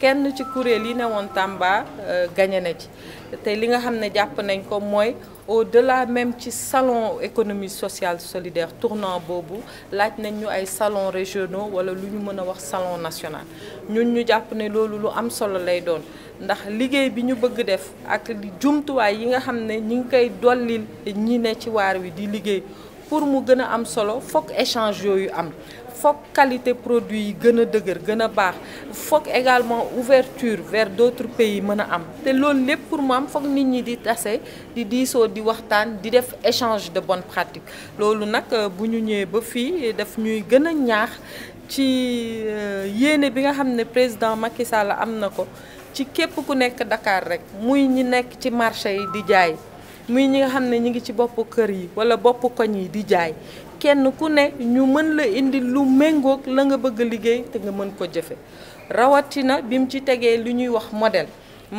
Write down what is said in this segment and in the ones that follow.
kenn ci kuréel yi ne Tamba euh, gagné na ci te li nga xam ne jàpp nañ ko mooy au-delà même ci salon économie sociale solidaire tournant boobu laaj nañ ñu ay salon régionaux wala lu ñu mën a wax salon national ñun ñu jàpp ne loolu lu am solo lay doon ndax liggéey bi ñu bëgg def ak jumtuwaay yi nga xam ne ñu ngi koy dollil ñi ne ci waar wi di liggéey pour mu gëna am solo foog échange yooyu am foog qualité produit gëna gën a dëgër gën baax foog également ouverture vers d'autres pays mën am té loolu lépp pour mu am foog nit ñi di tassé di diso di waxtaan di def échange de bonnes pratiques loolu nak euh, bu ñu ñëwee ba fi daf ñuy gëna a ñaax ci euh, yéene bi nga xamné président Macky Sall am na ko ci képp ku nekk Dakar rek muy ñi nekk ci marché yi di jaay muy ñi nga xam ne ñi ngi ci bopp kër yi wala bopp koñ yi di jaay kenn ku nekk ñu mën la indi lu méngook la nga bëgg liggéey te nga mën ko jëfe rawatina bi mu ci tegee li ñuy wax model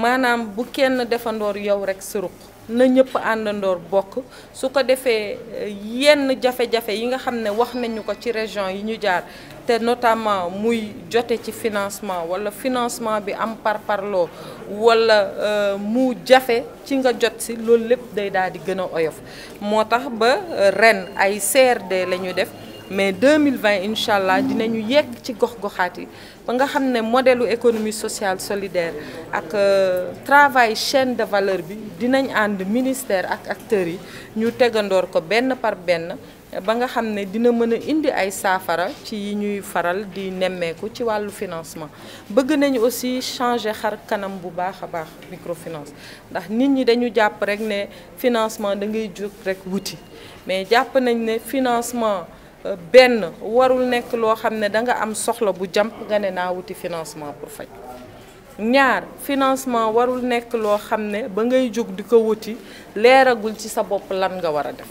maanaam bu kenn defandoor yow rek sa ruq na ñëpp àndandoor bokk su ko defee eh, yenn jafe-jafe yi nga xam ne wax nañu ko ci région yi ñu jaar te notament muy jote ci financement wala financement bi am par parloo wala eh, mu jafe ci nga jot si loolu lépp day daal di gën a oyof moo tax ba eh, ren ay CRD la ñu def mais 2020 incha allah dinañu yegg ci gox-goxaat yi ba nga xam ne modèle économie sociale solidaire ak euh, travail chaîne de valeur bi dinañ ànd ministère ak acteurs yi ñu tegandoor ko benn par benn ba nga xam ne dina mën a indi ay saafara ci yi ñuy faral di nemmeeku ci wàllu financement bëgg nañu aussi changer xar kanam bu baax a baax microfinance ndax nit ñi dañu jàpp rek ne financement da ngay jóg rek wuti mais jàpp nañ ne financement benn warul nekk loo xam ne danga am soxla bu jàmp nga ne naa wuti financement pour faj ñaar financement warul nekk loo xam ne ba ngay jóg di ko wuti leeragul ci sa bopp lan nga war a def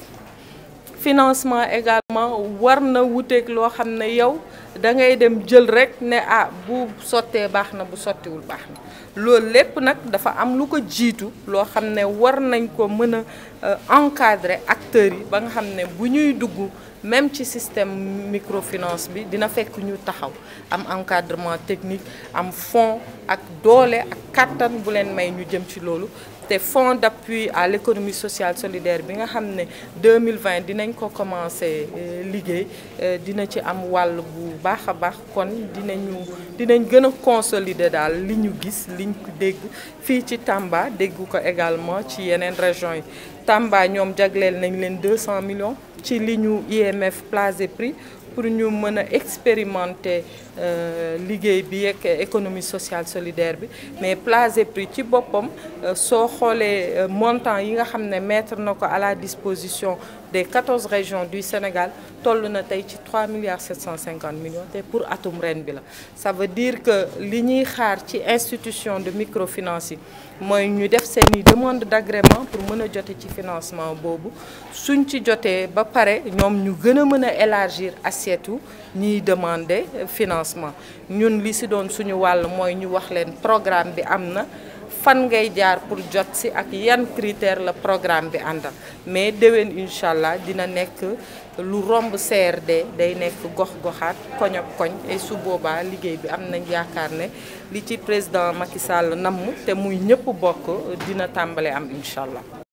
financement égal développement war na wuteeg loo xam ne yow da ngay dem jël rek ne ah bu sottee baxna bu sottiwul wul na loolu lepp nak dafa am lu ko jiitu loo ne war nañ ko mën a euh, encadrer acteur, yi ba nga xamné ne bu ñuy dugg même ci système microfinance bi dina fekk ñu taxaw am encadrement technique am fonds ak doole ak kàttan bu len may ñu jëm ci lolu té fonds d'appui à l'économie sociale solidaire bi nga xamné 2020 dinañ ko commencer euh, liggéey euh, dina ci am wàll bu baax a baax kon dinañu dinañ gëna consolider dal liñu gis liñ ko dégg fi ci Tamba dégg ko également ci yenen région Tamba ñom jagleel nañ leen 200 millions ci liñu IMF placé prix pour ñu mëna expérimenter euh, liggéey bi ak économie sociale solidaire bi mais placé prix ci bopom euh, so xolé montant yi nga xamné mettre nako à la disposition des 14 régions du Sénégal tout le 3 milliards 750 millions pour Atom ren ça veut dire que li institution de microfinance moi une ñu demande d'agrément pour mën a ci financement boobu suñ ci ba élargir assiette nous demander financement financements. Nous devons sur suñu wall, programme bi fan ngay jaar pour jot si ak yan critère la programme bi àndal mais déwén incha allah dina nekk lu romb CRD day nekk gox-goxaat koñ ak koñ et su boobaa liggéey bi am nañ yaakaar ne li ci président Macky Sall namm te muy ñëpp bokk dina tàmbale am incha allah.